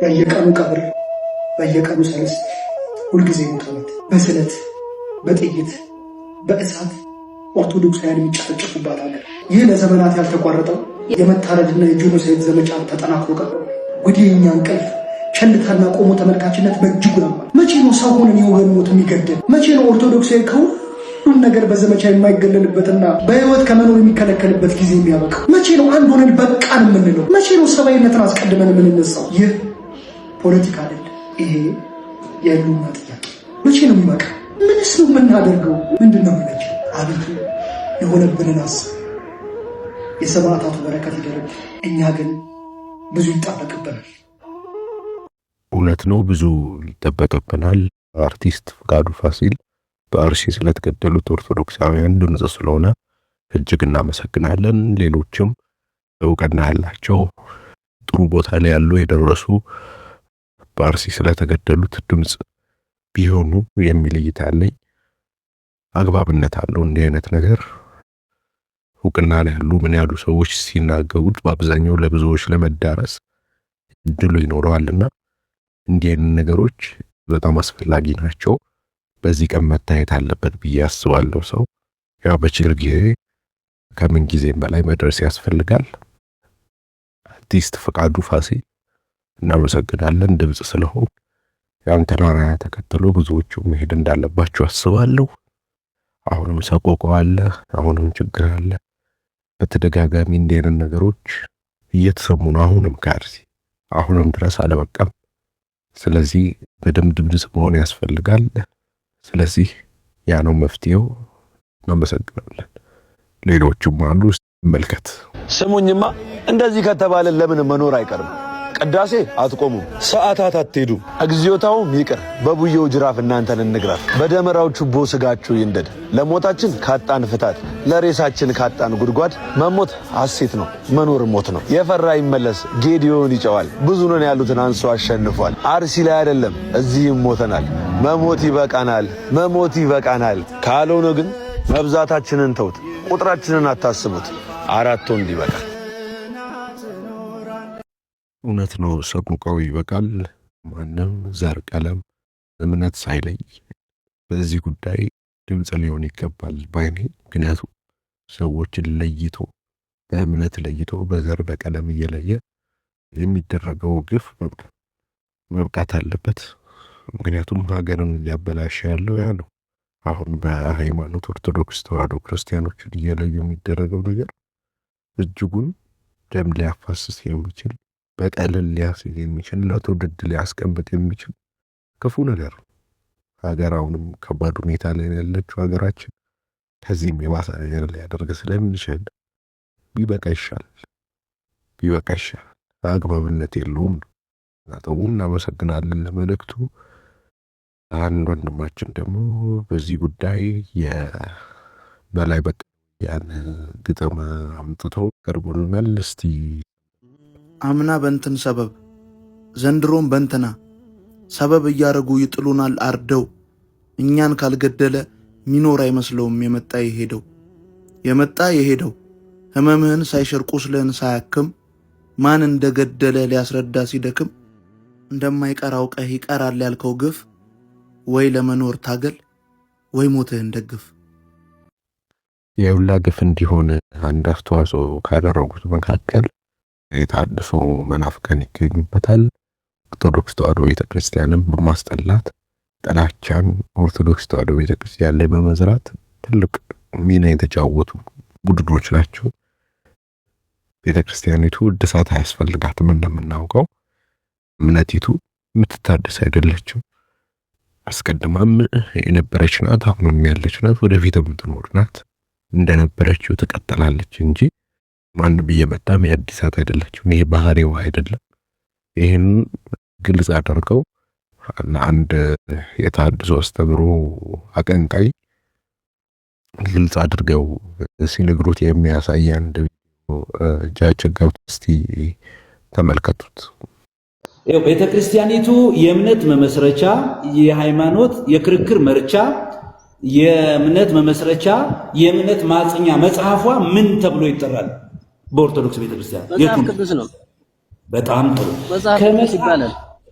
በየቀኑ ቀብር፣ በየቀኑ ሰለስ፣ ሁልጊዜ ሞት፣ በስለት በጥይት በእሳት ኦርቶዶክሳውያን የሚጨፈጨፉባት ሀገር። ይህ ለዘመናት ያልተቋረጠው የመታረድና የጄኖሳይድ ዘመቻ ተጠናክሮ ቀ ወዲህ የኛ እንቅልፍ ቸልታና ቆሞ ተመልካችነት በእጅጉ ያማል። መቼ ነው ሰው ሆነን የወገን ሞት የሚገደል? መቼ ነው ኦርቶዶክሳዊ ከሁሉም ነገር በዘመቻ የማይገለልበትና በህይወት ከመኖር የሚከለከልበት ጊዜ የሚያበቃ? መቼ ነው አንድ ሆነን በቃን የምንለው? መቼ ነው ሰብአዊነትን አስቀድመን የምንነሳው? ይህ ፖለቲካ አይደለም ይሄ የህልውና ጥያቄ መቼ ነው የሚበቃ? ምንስ ነው የምናደርገው? ምንድን ነው የሚመቸው? አቤቱ የሆነብንን አስብ። የሰማዕታቱ በረከት ይደረግ። እኛ ግን ብዙ ይጠበቅብናል። እውነት ነው፣ ብዙ ይጠበቅብናል። አርቲስት ፍቃዱ ፋሲል በአርሲ ስለተገደሉት ኦርቶዶክሳውያን ድምፅ ስለሆነ እጅግ እናመሰግናለን። ሌሎችም እውቅና ያላቸው ጥሩ ቦታ ላይ ያሉ የደረሱ በአርሲ ስለተገደሉት ድምፅ ቢሆኑ የሚል እይታ ያለኝ አግባብነት አለው። እንዲህ አይነት ነገር እውቅና ላይ ያሉ ምን ያሉ ሰዎች ሲናገሩት በአብዛኛው ለብዙዎች ለመዳረስ እድሉ ይኖረዋልና እንዲህ አይነት ነገሮች በጣም አስፈላጊ ናቸው። በዚህ ቀን መታየት አለበት ብዬ አስባለሁ። ሰው ያው በችግር ጊዜ ከምን ጊዜም በላይ መድረስ ያስፈልጋል። አርቲስት ፈቃዱ ፋሲል እናመሰግናለን። ድምፅ ስለሆን ያንተን አርአያ ተከትሎ ብዙዎቹ መሄድ እንዳለባቸው አስባለሁ። አሁንም ሰቆቃ አለ፣ አሁንም ችግር አለ። በተደጋጋሚ እንዲህ አይነት ነገሮች እየተሰሙ ነው። አሁንም ከአርሲ አሁንም ድረስ አለበቃም። ስለዚህ በደንብ ድምፅ መሆን ያስፈልጋል። ስለዚህ ያ ነው መፍትሄው። እናመሰግናለን። ሌሎችም አሉ፣ መልከት ስሙኝማ። እንደዚህ ከተባለ ለምን መኖር አይቀርም? ቅዳሴ አትቆሙም፣ ሰዓታት አትሄዱ! እግዚኦታውም ይቅር። በቡየው ጅራፍ እናንተን እንግራፍ፣ በደመራው ችቦ ስጋችሁ ይንደድ። ለሞታችን ካጣን ፍታት፣ ለሬሳችን ካጣን ጉድጓድ። መሞት አሴት ነው፣ መኖር ሞት ነው። የፈራ ይመለስ፣ ጌዲዮን ይጨዋል። ብዙ ነን ያሉትን አንሶ አሸንፏል። አርሲ ላይ አይደለም እዚህም ሞተናል። መሞት ይበቃናል፣ መሞት ይበቃናል። ካልሆነ ግን መብዛታችንን ተውት፣ ቁጥራችንን አታስቡት። አራት ወንድ ይበቃል። እውነት ነው። ሰቆቃው ይበቃል። ማንም ዘር፣ ቀለም፣ እምነት ሳይለይ በዚህ ጉዳይ ድምፅ ሊሆን ይገባል ባይኔ ምክንያቱም ሰዎችን ለይቶ በእምነት ለይቶ በዘር በቀለም እየለየ የሚደረገው ግፍ መብቃት አለበት። ምክንያቱም ሀገርን ሊያበላሽ ያለው ያ ነው። አሁን በሃይማኖት ኦርቶዶክስ ተዋህዶ ክርስቲያኖችን እየለዩ የሚደረገው ነገር እጅጉን ደም ሊያፋስስ የሚችል በቀልን ሊያስይዝ የሚችል ለትውልድ ሊያስቀምጥ የሚችል ክፉ ነገር ነው። ሀገር አሁንም ከባድ ሁኔታ ላይ ያለችው ሀገራችን ከዚህም የባሰ ነገር ሊያደርግ ስለምንችል ቢበቃ ይሻላል፣ ቢበቃ ይሻላል። አግባብነት የለውም ነው። እናጠቡ እናመሰግናለን ለመልእክቱ። አንድ ወንድማችን ደግሞ በዚህ ጉዳይ የበላይ በቃ ያን ግጥም አምጥቶ ቅርቡን መልስቲ አምና በእንትን ሰበብ ዘንድሮም በእንትና ሰበብ እያደረጉ ይጥሉናል አርደው። እኛን ካልገደለ ሚኖር አይመስለውም። የመጣ የሄደው የመጣ የሄደው ህመምህን ሳይሽር ቁስልህን ሳያክም ማን እንደገደለ ሊያስረዳ ሲደክም እንደማይቀር አውቀህ ይቀራል ያልከው ግፍ ወይ ለመኖር ታገል ወይ ሞትህን ደግፍ። የሁላ ግፍ እንዲሆን አንድ አስተዋጽኦ ካደረጉት መካከል የተሃድሶ መናፍቃን ይገኝበታል። ኦርቶዶክስ ተዋሕዶ ቤተክርስቲያንም በማስጠላት ጥላቻን ኦርቶዶክስ ተዋሕዶ ቤተክርስቲያን ላይ በመዝራት ትልቅ ሚና የተጫወቱ ቡድኖች ናቸው። ቤተክርስቲያኒቱ እድሳት አያስፈልጋትም። እንደምናውቀው እምነቲቱ የምትታደስ አይደለችም። አስቀድማም የነበረች ናት፣ አሁንም ያለች ናት፣ ወደፊት የምትኖር ናት። እንደነበረችው ትቀጥላለች እንጂ ማንም እየመጣም የአዲሳት አይደለችም። ይሄ ባህሪው አይደለም። ይህን ግልጽ አደርገው ለአንድ የተሃድሶ አስተምህሮ አቀንቃይ ግልጽ አድርገው ሲነግሩት የሚያሳይ አንድ እጃችን ገብቶ እስቲ ተመልከቱት። ቤተ ክርስቲያኒቱ የእምነት መመስረቻ፣ የሃይማኖት የክርክር መርቻ፣ የእምነት መመስረቻ፣ የእምነት ማጽኛ መጽሐፏ ምን ተብሎ ይጠራል? በኦርቶዶክስ ቤተክርስቲያን መጽሐፍ ቅዱስ ነው። በጣም ጥሩ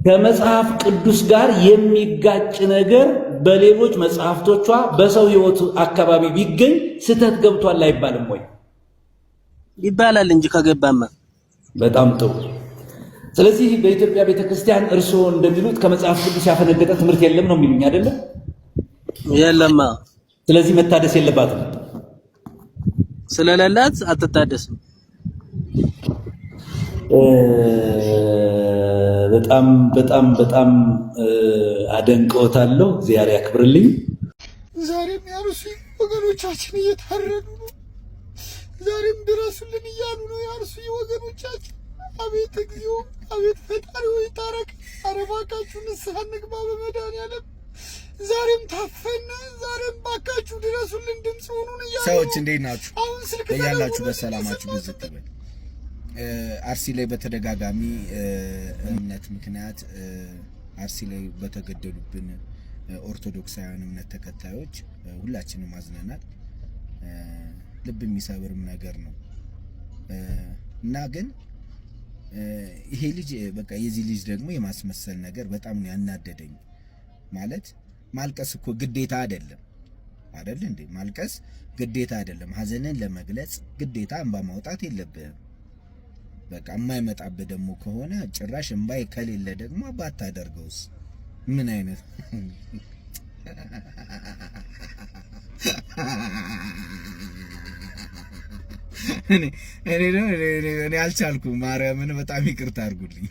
ከመጽሐፍ ቅዱስ ጋር የሚጋጭ ነገር በሌሎች መጽሐፍቶቿ በሰው ህይወት አካባቢ ቢገኝ ስህተት ገብቷል አይባልም ወይ? ይባላል እንጂ ከገባማ። በጣም ጥሩ። ስለዚህ በኢትዮጵያ ቤተክርስቲያን እርስዎ እንደሚሉት ከመጽሐፍ ቅዱስ ያፈነገጠ ትምህርት የለም ነው የሚሉኝ አይደለም? የለማ። ስለዚህ መታደስ የለባትም። ስለሌላት አትታደስም። በጣም በጣም በጣም አደንቀዎታለሁ። ዚያር ያክብርልኝ። ዛሬም ያርሱ ወገኖቻችን እየታረዱ ነው። ዛሬም ድረሱልን እያሉ ነው ያርሱ ወገኖቻችን። አቤት እግዚኦ፣ አቤት ፈጣሪ ሆይ ታረቅ። ኧረ እባካችሁ ንስሐ እንግባ በመድኃኒዓለም። ዛሬም ታፈነ። ዛሬም ባካችሁ ድረሱልን፣ ድምፅ ሆኑን እያሉ ሰዎች እንዴት ናችሁ? አሁን ስልክ ያላችሁ በሰላማችሁ ብዝት ይበል። አርሲ ላይ በተደጋጋሚ እምነት ምክንያት አርሲ ላይ በተገደሉብን ኦርቶዶክሳውያን እምነት ተከታዮች ሁላችንም አዝነናል። ልብ የሚሰብርም ነገር ነው እና ግን ይሄ ልጅ በቃ የዚህ ልጅ ደግሞ የማስመሰል ነገር በጣም ነው ያናደደኝ። ማለት ማልቀስ እኮ ግዴታ አይደለም አይደል እንዴ? ማልቀስ ግዴታ አይደለም። ሀዘንን ለመግለጽ ግዴታ እንባ ማውጣት የለብህም። በቃ የማይመጣብህ ደግሞ ከሆነ ጭራሽ እምባይ ከሌለ ደግሞ ባታደርገውስ ምን አይነት እኔ አልቻልኩም። ማርያምን በጣም ይቅርታ አድርጉልኝ።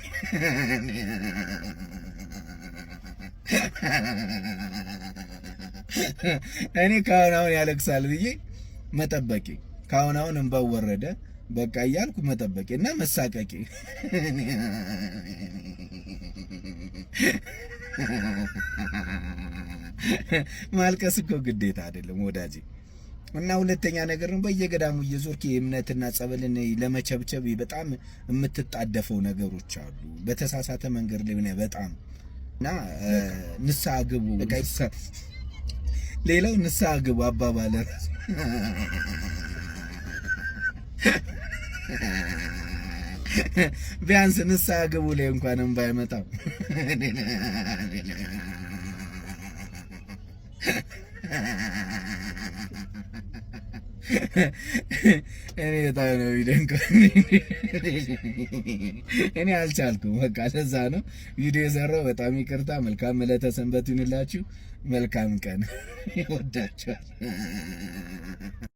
እኔ ካሁን አሁን ያለቅሳል ብዬ መጠበቂ ካሁን አሁን እምባው ወረደ። በቃ እያልኩ መጠበቄ እና መሳቀቂ ማልቀስ እኮ ግዴታ አይደለም ወዳጄ። እና ሁለተኛ ነገር ነው በየገዳሙ እየዞርክ የእምነትና ጸበልን ለመቸብቸብ በጣም የምትጣደፈው ነገሮች አሉ። በተሳሳተ መንገድ ላይ በጣም እና ንስሓ ግቡ። ሌላው ንስሓ ግቡ አባባለ ቢያንስ ንስሐ ግቡ ላይ እንኳንም ባይመጣው እኔ በጣም ነው ቪዲዮ እኔ አልቻልኩም፣ በቃ ለዛ ነው ቪዲዮ የሰራው። በጣም ይቅርታ። መልካም ዕለተ ሰንበት ይሁንላችሁ። መልካም ቀን። ይወዳችኋል።